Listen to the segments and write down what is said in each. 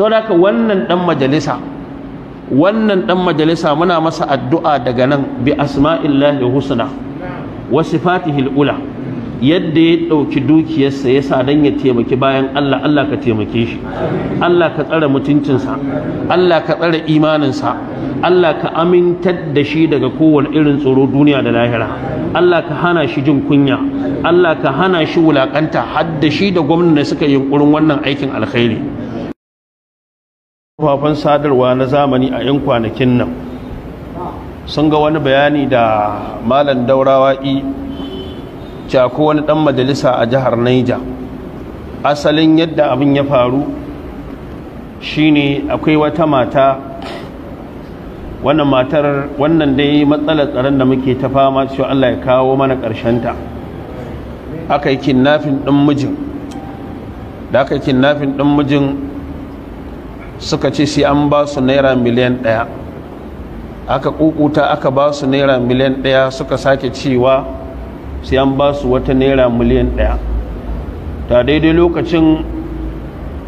saboda wannan dan majalisa wannan dan majalisa muna masa addu'a daga nan bi asma'illahi husna wa sifatihi alula yadda ya ɗauki dukiyarsa ya sa ya taimaki bayan Allah Allah ka taimake shi Allah ka tsare mutuncinsa Allah ka tsare sa Allah ka amintar da shi daga kowane irin tsoro duniya da lahira Allah ka hana shi jin kunya Allah ka hana shi wulakanta har da shi da gwamnati suka yi yunkurin wannan aikin alkhairi kafafan sadarwa na zamani a 'yan kwanakin nan sun ga wani bayani da malam daurawa i cako wani dan majalisa a jihar naija asalin yadda abin ya faru shine akwai wata mata wannan matar wannan dai matsalar tsaron da muke ta fama cewa allah ya kawo mana ta aka yi kinnafin ɗin mijin da aka yi kinnafin ɗin mijin suka ce sai an ba su naira miliyan ɗaya aka kukuta aka ba su naira miliyan ɗaya suka sake cewa sai an ba su wata naira miliyan ɗaya ta daidai lokacin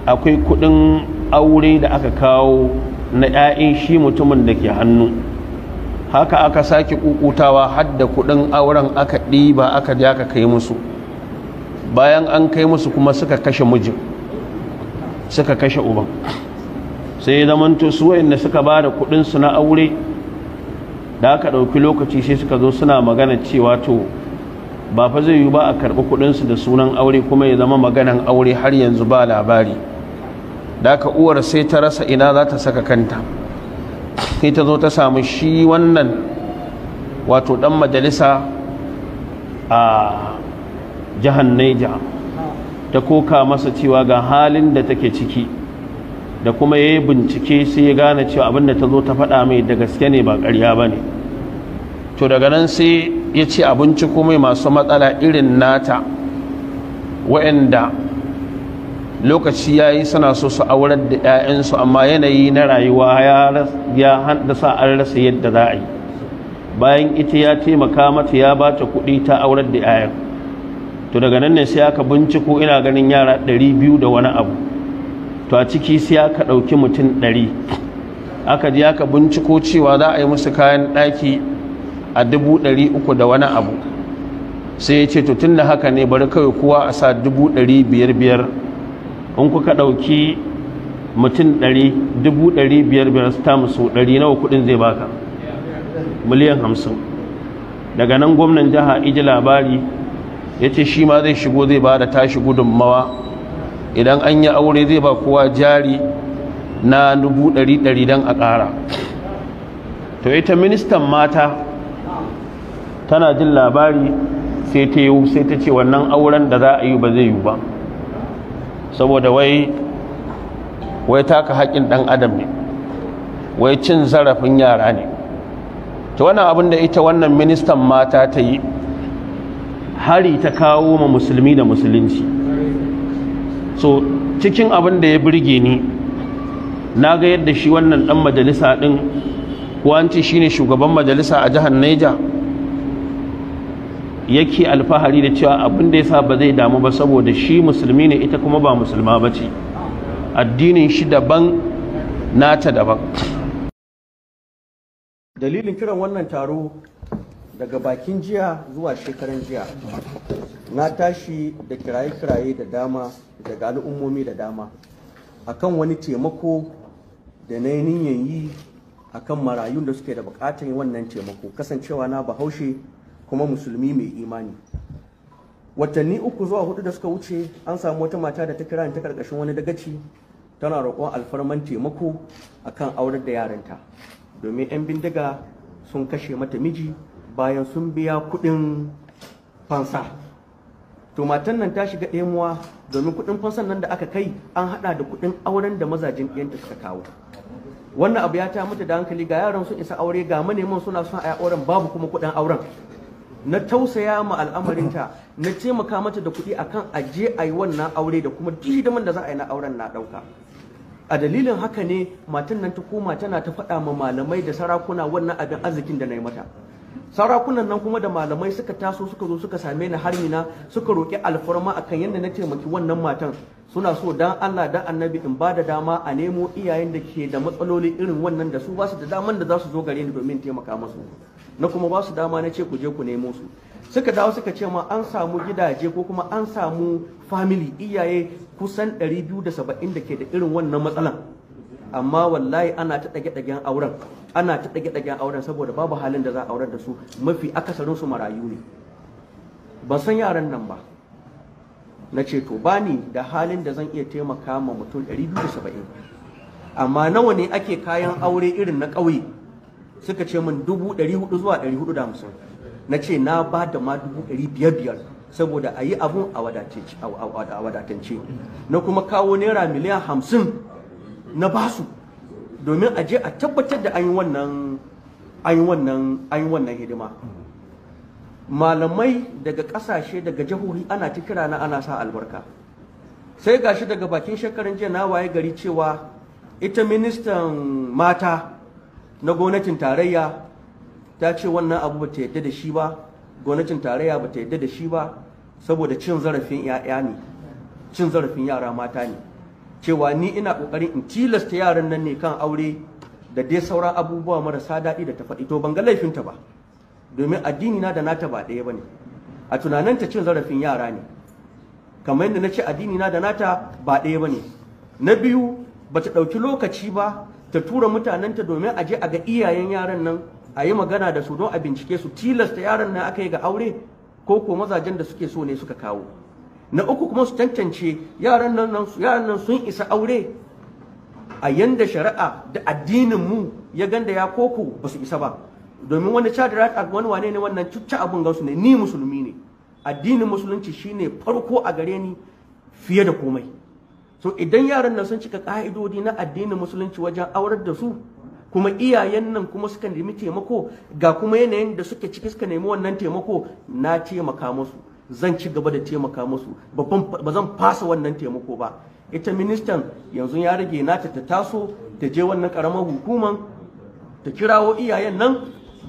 akwai kudin aure da aka kawo na 'ya'yan shi mutumin da ke hannu haka aka sake kukutawa hadda kudin auren aka ɗiba aka ji aka kai musu bayan an kai musu kuma suka kashe mijin suka kashe uban sai ya zamanto su wayanda suka ba da su na aure da aka ɗauki lokaci sai suka zo suna magana cewa to ba fa zai yi ba a karɓi su da sunan aure kuma ya zama maganan aure har yanzu ba labari da aka uwar sai ta rasa ina za ta saka kanta sai ta zo ta samu shi wannan wato dan majalisa a jihar Neja ta koka masa cewa ga halin da take ciki da kuma ya yi bincike sai ya gane cewa abin da ta zo ta faɗa mai da gaske ne ba ƙarya ba ne to daga nan sai ya ce abinci kuma masu matsala irin nata wa'anda lokaci ya yi suna so su aurar da 'ya'yansu amma yanayi na rayuwa ya sa an rasa yadda za a yi bayan ita ya taimaka mata ya ba ta kuɗi ta aurar da 'ya'yan to daga nan ne sai aka binciko ina ganin yara 200 da wani abu to a ciki sai aka ɗauki mutum ɗari aka ji aka binciko cewa za a yi musu kayan ɗaki a dubu ɗari uku da wani abu sai ya ce to tun da haka ne bari kawai kowa a sa dubu ɗari biyar biyar in kuka ɗauki mutum ɗari dubu ɗari biyar biyar su ta musu ɗari nawa kuɗin zai baka miliyan hamsin daga nan gwamnan jiha iji labari ya ce shi ma zai shigo zai ba da tashi gudunmawa idan an yi aure zai ba kowa jari na dubu ɗari ɗari don a ƙara to ita ministan mata tana jin labari sai ta yi sai ta ce wannan auren da za a yi ba zai yi ba saboda wai wai taka haƙin ɗan adam ne wai cin zarafin yara ne ta wannan abin da ita wannan ministan mata ta yi hari ta kawo ma musulmi da musulunci so cikin abin da ya birge ni na ga yadda shi wannan dan majalisa din shi ne shugaban majalisa a jihar Neja yake alfahari da cewa abin da ya sa ba zai damu ba saboda shi musulmi ne ita kuma ba musulma bace addinin shi daban nata daban dalilin kiran wannan taro daga bakin jiya zuwa shekaran jiya na tashi da kiraye-kiraye da dama daga al'ummomi da dama akan wani taimako da na niyan yi akan marayun da suke da bukatar wannan taimako kasancewa na bahaushe kuma musulmi mai imani watanni uku zuwa hudu da suka wuce an samu wata mata da ta kira ta karkashin wani dagaci tana roƙon alfarman taimako akan aurar da yaranta domin 'yan bindiga sun kashe mata miji bayan sun biya kuɗin fansa to matan nan ta shiga ɗemuwa domin kuɗin fansan nan da aka kai an haɗa da kuɗin auren da mazajin ɗiyanta suka kawo wannan abu ya ta mata da hankali ga yaran sun isa aure ga maneman suna son a auren babu kuma kuɗin auren na tausaya ma al'amarin ta na taimaka mata da kuɗi akan aje a yi wannan aure da kuma duk hidiman da za a yi na auren na ɗauka a dalilin haka ne matan nan ta koma tana ta faɗa ma malamai da sarakuna wannan abin arzikin da na yi mata sarakunan nan kuma da malamai suka taso suka zo suka same ni har na suka roki alfarma akan yadda na taimaki wannan matan suna so dan Allah dan annabi in ba da dama a nemo iyayen da ke da matsaloli irin wannan da su ba su da daman da za su zo gare ni domin taimaka musu na kuma ba su dama na ce ku je ku nemo su suka dawo suka ce ma an samu gidaje ko kuma an samu family iyaye kusan 270 da ke da irin wannan matsalan amma wallahi ana ta dage dagen auren ana ta dage dagen auren saboda babu halin da za a aurar da su mafi akasarin su marayu ne ban san yaran nan ba na ce to bani da halin da zan iya taimaka ma mutum 270 amma nawa ne ake kayan aure irin na ƙauye suka ce min 400 zuwa 450 na ce na ba da ma 500 saboda a yi abun a wadatance na kuma kawo naira miliyan hamsin na basu domin a je a tabbatar da an yi wannan wannan an hidima malamai daga kasashe daga jihohi ana ta kira na ana sa albarka sai gashi daga bakin shekarun jiya na waye gari cewa ita ministan mata na gwamnatin tarayya ta ce wannan abu ba ta yadda da shi ba gwamnatin tarayya ba ta yadda da shi ba saboda cin zarafin yara mata ne cewa ni ina kokarin in tilasta yaran nan ne kan aure da dai sauran abubuwa marasa daɗi da ta faɗi to ban ga laifinta ba domin addini na da nata ba ɗaya bane a tunaninta cin zarafin yara ne kamar yadda na ce addini na da nata ba ɗaya bane na biyu ba ta ɗauki lokaci ba ta tura mutanenta domin a je a ga iyayen yaran nan a yi magana da su don a bincike su tilasta yaran nan aka yi ga aure ko ko mazajen da suke so ne suka kawo na uku kuma su tantance yaran nan yaran nan sun isa aure a yanda shari'a da addinin mu ya ganda ya koko ba su isa ba domin wani child wani wane ne wannan cucca abun su ne ni musulmi ne addinin musulunci shine farko a gare ni fiye da komai so idan yaran nan sun cika ka'idodi na addinin musulunci wajen aurar da su kuma iyayen nan kuma suka nemi taimako ga kuma yanayin da suke ciki suka nemi wannan taimako na taimaka musu zan ci gaba da taimaka musu ba zan fasa wannan taimako ba ita ministan yanzu ya rage nata ta taso ta je wannan karamar hukuman ta kirawo iyayen nan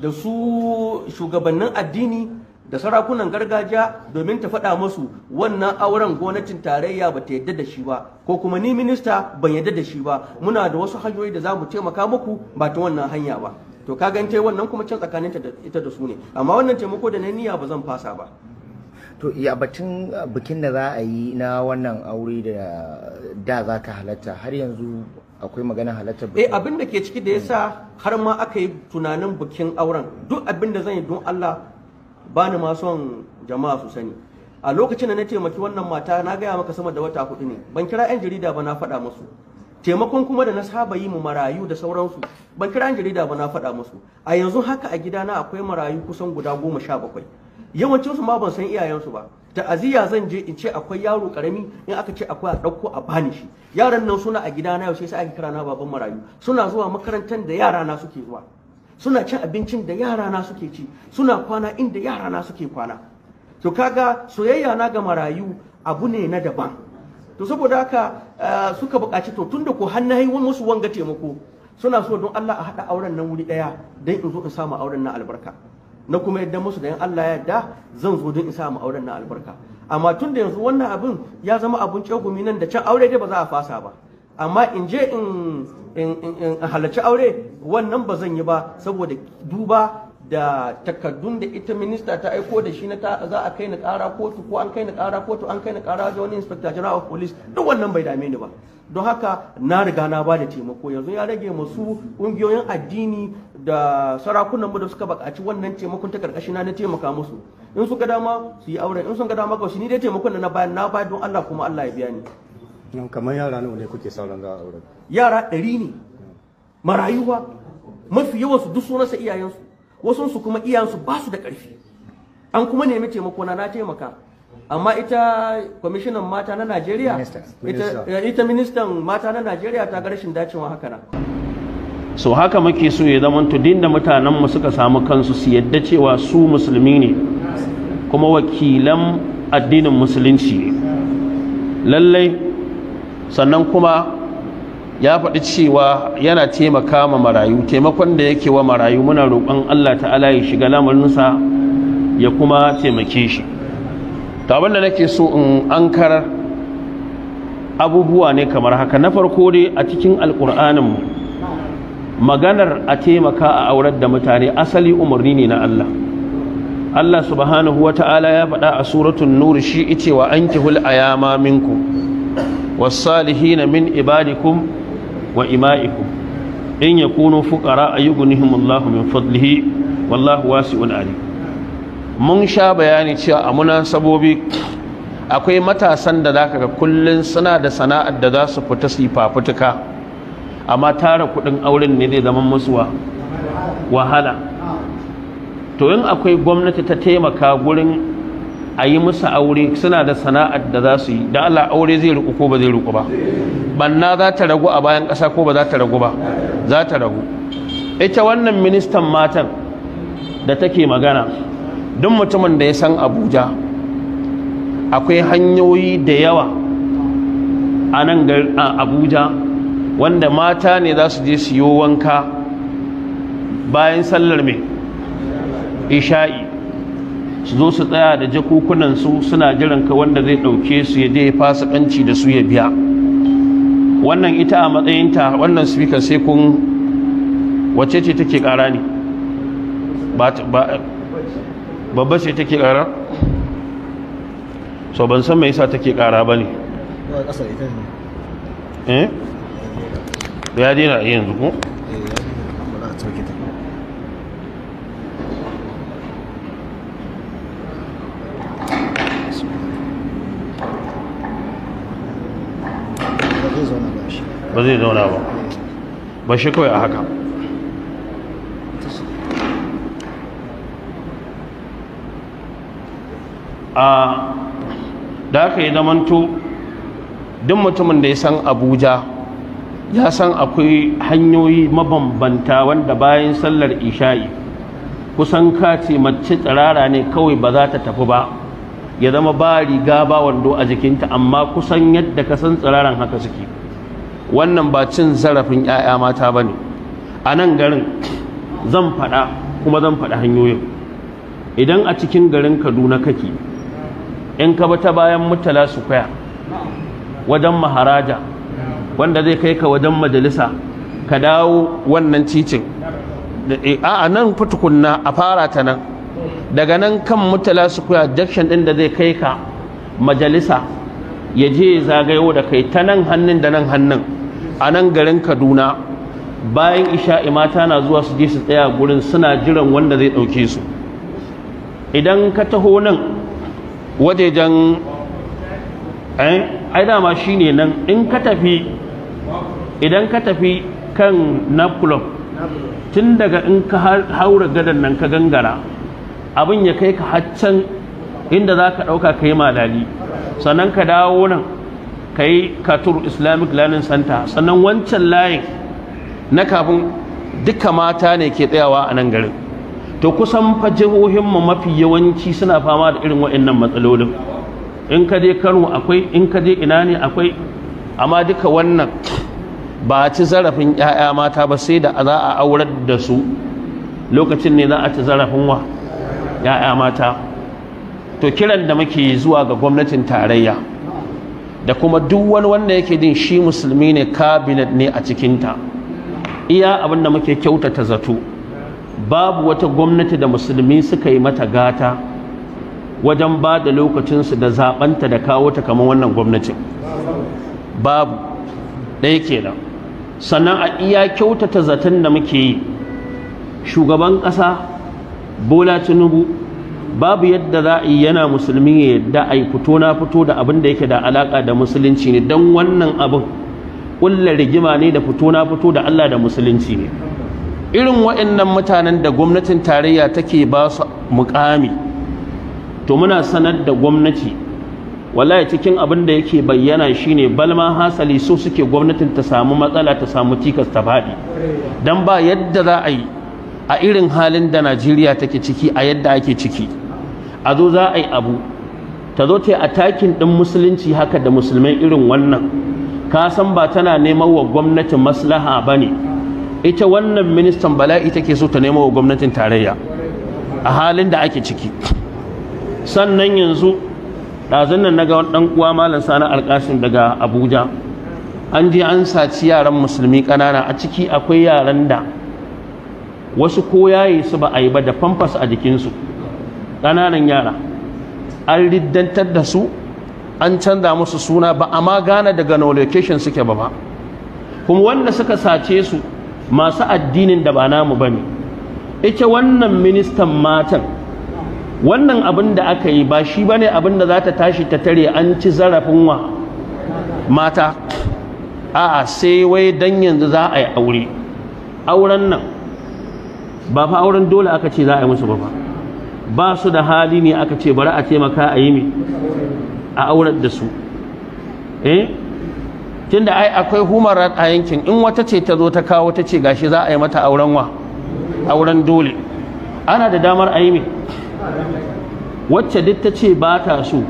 da su shugabannin addini da sarakunan gargajiya domin ta faɗa musu wannan auren gwamnatin tarayya ba ta yadda da shi ba ko kuma ni minista ban yadda da shi ba muna da wasu hanyoyi da za mu taimaka muku ba ta wannan hanya ba to ka gante wannan kuma can tsakaninta ita da su ne amma wannan taimako da na niyya ba zan fasa ba to ya batun uh, bikin da za a yi na wannan aure da da za ka halatta har yanzu akwai magana halatta bikin eh abin da ke ciki da yasa har ma aka yi tunanin bikin auren duk abin da zan yi don Allah ba ni ma son jama'a su sani a lokacin da na taimaki wannan mata na gaya maka sama da wata hudu ne ban kira yan jarida ba na faɗa musu taimakon kuma da na saba yi mu marayu da sauransu ban kira yan jarida ba na faɗa musu a yanzu haka a gidana akwai marayu kusan guda goma sha bakwai yawancin su ma ban san iyayensu ba ta'aziyya zan je in ce akwai yaro karami in aka ce akwai a ɗauko a bani shi yaran nan suna a gida na yaushe sai ake kira na baban marayu suna zuwa makarantar da yara na suke zuwa suna cin abincin da yara na suke ci suna kwana inda yara na suke kwana to kaga soyayya na ga marayu abu ne na daban to saboda haka eh, suka buƙaci to tunda ko ku na yi musu wanga taimako suna so don Allah a haɗa auren nan wuri ɗaya don in zo in samu auren nan albarka na kuma yadda musu da yan Allah ya yadda zan zo don isa sa mu auren na albarka amma tun da yanzu wannan abin ya zama abun cegumi nan da can aure dai ba za a fasa ba amma in je in halarci aure wannan ba zan yi ba saboda duba da takardun da ita minista ta aiko da shi na za a kai ni kara kotu ko an kai ni kara kotu an kai ni kara wani inspector general of police duk wannan bai dame ni ba don haka na riga na ba da taimako yanzu ya rage masu ƙungiyoyin addini da sarakunan mu da suka bakaci wannan taimakon ta karkashi na taimaka musu in suka dama su yi auren in sun ga dama kawai ni dai taimakon da na bayan na bayan don Allah kuma Allah ya biya ni kamar yara nawa ne kuke sauran za a auren yara ɗari ne marayuwa mafi yawan su duk sunansa iyayensu wasu su kuma iyayensu ba su da ƙarfi an kuma nemi taimako na na taimaka amma ita kwamishinan mata na najeriya eh, ita ministan mata na najeriya ta rashin dacewa haka na so haka muke so ya zama tudin da mutanenmu suka samu kansu su yadda cewa su musulmi ne kuma wakilan addinin musulunci ne lallai sannan kuma ya faɗi cewa yana taimaka ma marayu taimakon da yake wa marayu muna roƙon allah ta'ala ya shiga lamarinsa ya kuma taimake shi to abinda nake so in ankar abubuwa ne kamar haka na farko dai a cikin alkur'anin maganar a taimaka a aurar da mutane asali umarni ne na Allah Allah subhanahu wata'ala ya faɗa a suratun nur shi ice wa ankihul ayama minkum was-salihin min ibadikum wa ima'iku in yakunu fuqara ayyughnihimullahu min fadlihi wallahu wasi'un alim mun sha bayani cewa a sabobi akwai matasan da ka ga kullun suna da sana'ar da za su fita su yi fafutuka amma tara kudin auren ne zai zama musu wahala to in akwai gwamnati ta taimaka gurin a yi musu aure suna da sana'ar da za su yi da Allah aure zai riku ko ba zai riku ba banna za ta ragu a bayan ƙasa ko ba za ta ragu ba za ta ragu ita wannan ministan matan da take magana duk mutumin da ya san abuja akwai hanyoyi da yawa a nan abuja wanda mata ne za su je siyo wanka bayan sallar mai isha'i su zo su tsaya da jakukunansu suna jiran ka wanda zai dauke su ya je fasikanci da su ya biya wannan ita a matsayinta wannan speaker sai kun wacce ce take ƙara ne babba ce take ƙara so ban san me yasa take ƙara ba ne eh ya dina yanzu ko eh, ba zai zauna ba ba shi kawai a haka a da aka yi zamanto duk mutumin da ya san abuja ya san akwai hanyoyi mabambanta wanda bayan sallar isha'i kusan kace mace tsirara ne kawai ba za ta tafi ba ya zama ba riga ba wando a jikinta amma kusan yadda ka san tsiraran haka suke wannan ba cin zarafin 'ya'ya mata ba ne a nan garin zan faɗa kuma zan faɗa hanyoyin idan a cikin garin kaduna kake in ka bi ta bayan mutala su kwaya wajen maharaja wanda zai kai ka wajen majalisa ka dawo wannan cicin a eh, nan fitukunna a fara ta nan daga nan kan mutala su kwaya jakshin ɗin da zai kai ka majalisa ya je zagayo da kai ta nan hannun da nan hannun a nan garin kaduna bayan isha'i mata na zuwa su je su tsaya gurin suna jiran wanda zai ɗauke su idan ka taho nan wajejen eh, ai dama shi ne nan in ka tafi idan ka tafi kan nafkulof tun daga in ka haura gadon nan ka gangara abin ya kai ka haccan inda za ka ɗauka ka yi malali sannan ka dawo nan ka yi katur islamic learning center sannan wancan layin na kafin duka mata ne ke tsayawa a nan garin to kusan fa jihohinmu mafi yawanci suna fama da irin waɗannan matsalolin in ka je Kano akwai in ka je ina ne akwai amma duka wannan ba a ci zarafin ƴaƴa mata ba sai da za a aurar da su lokacin ne za a ci zarafin wa ƴaƴa mata to kiran da muke zuwa ga gwamnatin tarayya da kuma duk wani wanda yake din shi musulmi ne cabinet ne a cikinta iya abin da muke kyautata zato babu wata gwamnati da musulmi suka yi mata gata wajen ba da lokacinsu da zaɓanta da kawo ta kamar wannan gwamnatin babu ɗaya kenan sannan a iya kyautata zaton da muke yi shugaban ƙasa bola tinubu babu yadda za a yi yana musulmi ya yadda a yi fito na fito da abin da yake da alaƙa da musulunci ne don wannan abin ƙulla rigima ne da fito na fito da allah da musulunci ne irin waɗannan mutanen da gwamnatin tarayya take ba su mukami to muna sanar da gwamnati wallahi cikin abin da yake bayyana shine balma hasali so suke gwamnatin ta samu matsala ta samu cikas ta fadi dan ba yadda za a yi a irin halin da Najeriya take ciki a yadda ake ciki a zo za a yi abu ta zo ta yi takin ɗin musulunci haka da musulmai irin wannan ka san ba tana neman wa gwamnati maslaha ba ne ita wannan ministan bala'i take so ta nemo wa gwamnatin tarayya a halin da ake ciki sannan yanzu ɗazun nan na ga ɗan uwa malam sana alƙashin daga abuja an je an saci yaran musulmi ƙanana a ciki akwai yaran da wasu ko yaye su ba a yi ba da famfas a jikinsu ƙananan yara an riddantar da su an canza musu suna ba amma gane daga nolocation location suke ba ba kuma wanda suka sace su masu addinin da ba namu bane ita wannan ministan matan wannan abin da aka yi ba shi bane abin da za ta tashi ta tare an ci zarafin wa mata a'a sai wai dan yanzu za a yi aure auren nan ba fa auren dole aka ce za a yi musu ba ba su da hali ne aka ce bari a taimaka a yi mai a auren da su eh tunda ai akwai humar a yankin in wata ce ta zo ta kawo ta ce gashi za a yi mata auren wa auren dole ana da damar a yi mai wacce duk ta ce ba ta so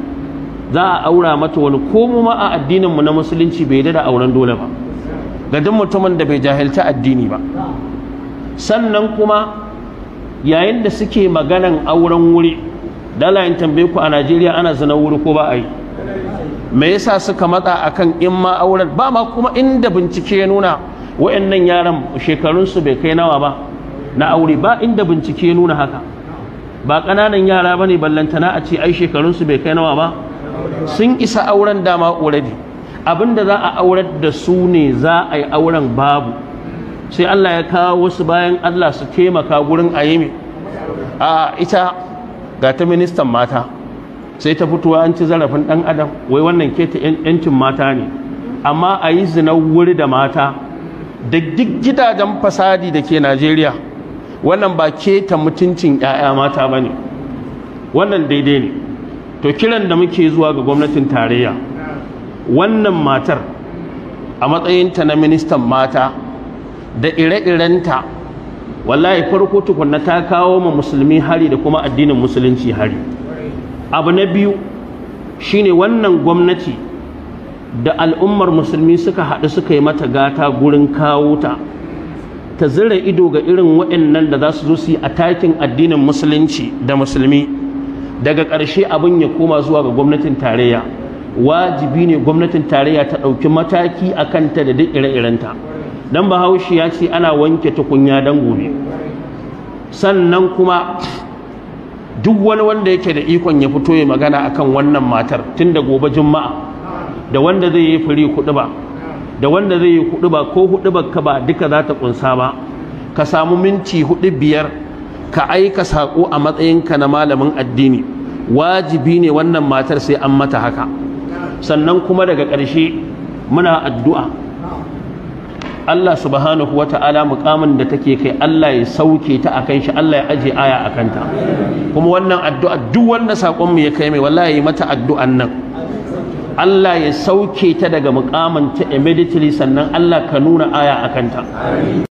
za a aura mata wani ko mu ma a addininmu na musulunci bai da auren dole ba ga duk mutumin da bai jahilci addini ba sannan kuma yayin da suke maganan auren wuri dala in tambaye ku a Najeriya ana zina wuri ko ba a yi me yasa suka matsa akan in ma auren ba ma kuma inda bincike ya nuna wayannan yaran shekarunsu bai kai nawa ba na aure ba inda bincike ya nuna haka ba kananan yara bane ballantana a ce ai shekarunsu bai kai nawa ba sun isa auren da dama already abinda za a aurar da su ne za a yi auren babu sai Allah ya kawo wasu bayan Allah su taimaka gurin a yi a ita ga ta ministan mata sai ta fitowa an ci zarafin ɗan adam wai wannan keta yancin mata ne amma a yi zinar wuri da mata da duk gidajen fasadi da ke najeriya wannan ba keta mutuncin 'ya'ya mata ba ne wannan daidai ne to kiran da muke zuwa ga gwamnatin tarayya wannan matar a matsayinta na ministan mata da ire-irenta wallahi farko tukunna ta kawo ma musulmi hari da kuma addinin musulunci hari abu na biyu shine wannan gwamnati da al'ummar musulmi suka haɗu suka yi mata gata gurin kawo ta ta zira ido ga irin waɗannan da za su zo su yi atakin addinin musulunci da musulmi daga ƙarshe abin ya koma zuwa ga gwamnatin tarayya wajibi ne gwamnatin tarayya ta ɗauki mataki a kanta da duk ire-irenta don bahaushe ya ce ana wanke tukunya don gobe sannan kuma duk wani wanda yake da ikon ya fito ya magana akan wannan matar tun da gobe juma'a da wanda zai yi firi kuɗi ba da wanda zai yi kuɗi ba ko huɗu ba ka ba duka za ta kunsa ba ka samu minti hudu biyar ka aika saƙo a matsayinka na malamin addini wajibi ne wannan matar sai an mata haka sannan kuma daga ƙarshe muna addu'a Allah subhanahu wa ta'ala mukamin da take kai Allah ya sauke ta akan shi Allah ya aje aya akan ta kuma wannan addu'a duk wanda sakon mu ya kai mai wallahi mata addu'an nan Allah ya sauke ta daga mukamin ta immediately sannan Allah ka nuna aya akan ta